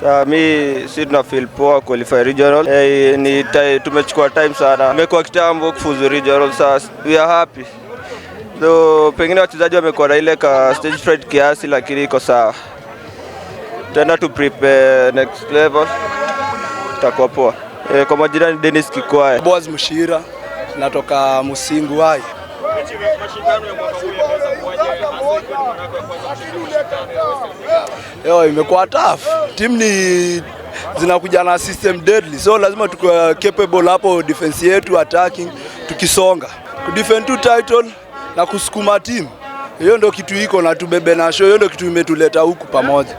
Sa ah, mi si tuna feel poa qualify regional. Hey, eh, ni tumechukua time sana, imekuwa kitambo kufuzu regional. Sasa we are happy so, pengine wachezaji wamekuwa na ile ka stage fright kiasi, lakini iko sawa, tutaenda tu prepare next level, tutakuwa poa. Hey, eh, kwa majina ni Dennis Kikwaya Boaz Mushira, natoka Musingu wai Yo, imekuwa tough. Timu ni zinakuja na system deadly, so lazima tukuwa capable hapo defense yetu attacking, tukisonga defend tu title na kusukuma timu. Hiyo ndio kitu iko na tubebe na show, hiyo ndio kitu imetuleta huku pamoja.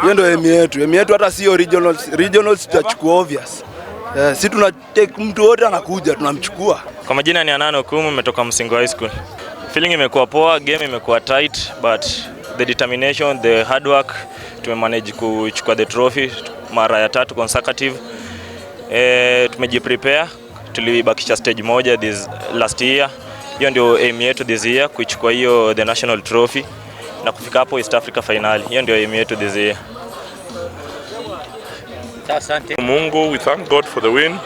Hiyo ndio emi yetu, emi yetu hata sio regional, tutachukua obvious. Eh, si tuna take mtu wote anakuja tunamchukua. Kwa majina ni Anano Kumu, umetoka Msingo High School. Feeling imekuwa poa, game imekuwa tight but the determination, the hard work tumemanage kuchukua the trophy mara ya tatu consecutive. Eh, tumejiprepare, tulibakisha stage moja this last year. Hiyo ndio aim yetu this year kuichukua hiyo the national trophy na kufika hapo East Africa finali. Hiyo ndio aim yetu this year. Asante Mungu, we thank God for the win.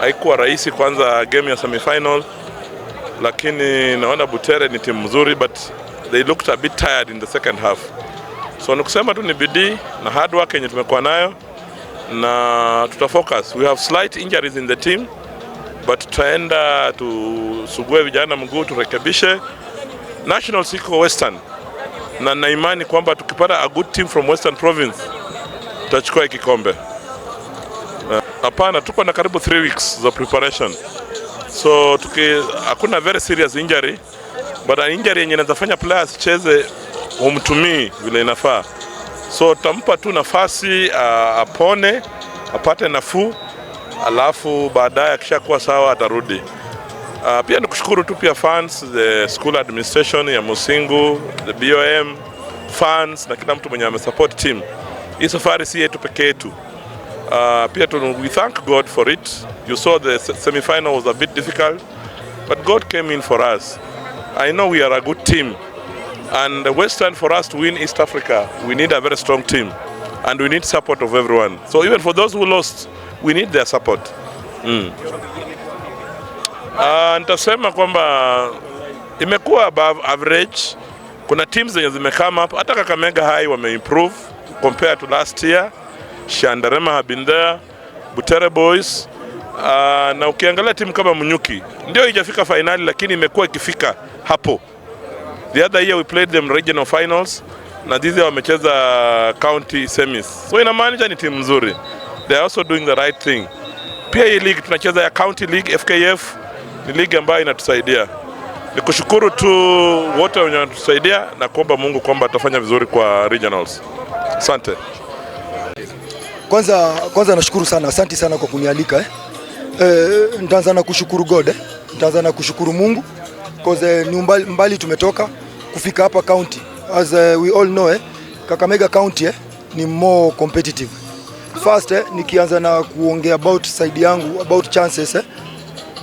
Haikuwa rahisi kwanza game ya semifinal, lakini naona Butere ni timu nzuri, but they looked a bit tired in the second half. So nikusema tu ni bidii na hard work yenye tumekuwa nayo na tuta focus. We have slight injuries in the team but tutaenda tusugue vijana mguu turekebishe. National siko Western na naimani kwamba tukipata a good team from Western Province tutachukua kikombe. Hapana, tuko na karibu 3 weeks za preparation, so tuki hakuna very serious injury, but an injury yenye inazafanya players cheze umtumii vile inafaa, so tampa tu nafasi uh, apone, apate nafuu, alafu baadaye akishakuwa sawa atarudi. Uh, pia nikushukuru tu pia fans the school administration ya Musingu, the BOM fans na kila mtu mwenye amesupport team. Hii safari si yetu pekee tu. Uh, pia we thank God for it. You saw the semi-final was a bit difficult, but God came in for us. I know we are a good team. And the Western for us to win East Africa, we need a very strong team. And we need support of everyone. So even for those who lost, we need their support. Mm. Uh, nitasema kwamba imekuwa above average. Kuna teams zenye zime up, hata Kakamega High wame improve compared to last year. Shandarema have been there, Butere Boys uh, na ukiangalia timu kama Mnyuki ndio ijafika finali, lakini imekuwa ikifika hapo. The other year we played them regional finals na this year wamecheza county semis, so inamaanisha ni timu nzuri, they are also doing the right thing. Pia hii league tunacheza ya county league FKF ni league ambayo inatusaidia ni kushukuru tu wote wenye wanatusaidia na kuomba Mungu kwamba tutafanya vizuri kwa regionals. Asante. Kwanza kwanza nashukuru sana, asanti sana kwa kunialika eh. Eh, nitaanza na kushukuru God eh. Nitaanza na kushukuru Mungu cause eh, ni mbali, mbali tumetoka kufika hapa county as eh, we all know eh, Kakamega county eh, ni more competitive first eh, nikianza na kuongea about side yangu about chances eh,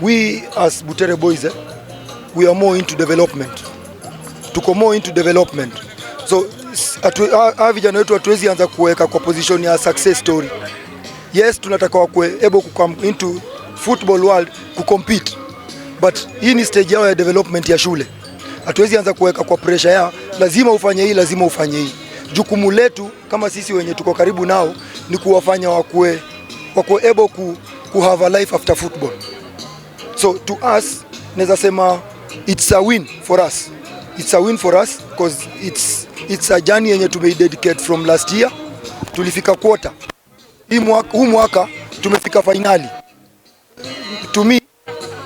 we as Butere boys eh, we are more into development, tuko more into development so hawa vijana wetu hatuwezi anza kuweka kwa position ya success story. Yes, tunataka wakue able to come into football world compete. but hii ni stage yao ya development ya shule. Hatuwezi anza kuweka kwa pressure ya lazima ufanye hii, lazima ufanye hii. Jukumu letu kama sisi wenye tuko karibu nao ni kuwafanya wakue wakue able ku, ku have a life after football. So to us naweza sema it's a win for us, it's a win for us because it's It's a journey yenye tumeidedicate from last year, tulifika quarter. Huu mwaka tumefika finali. To me,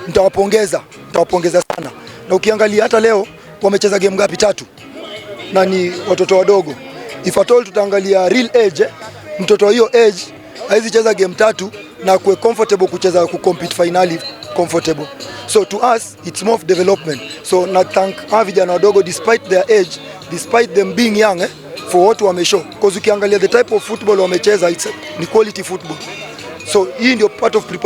nitawapongeza, nitawapongeza sana. Na ukiangalia hata leo wamecheza game ngapi? Tatu, na ni watoto wadogo. If at all tutaangalia real age, mtoto hiyo age haizi cheza game tatu na kuwe comfortable kucheza ku compete finali comfortable. So to us it's more of development. So na thank hawa vijana wadogo despite their age despite them being young eh, for what wameshow because ukiangalia the type of football wamecheza it's ni quality football, so hii ndio part of preparation.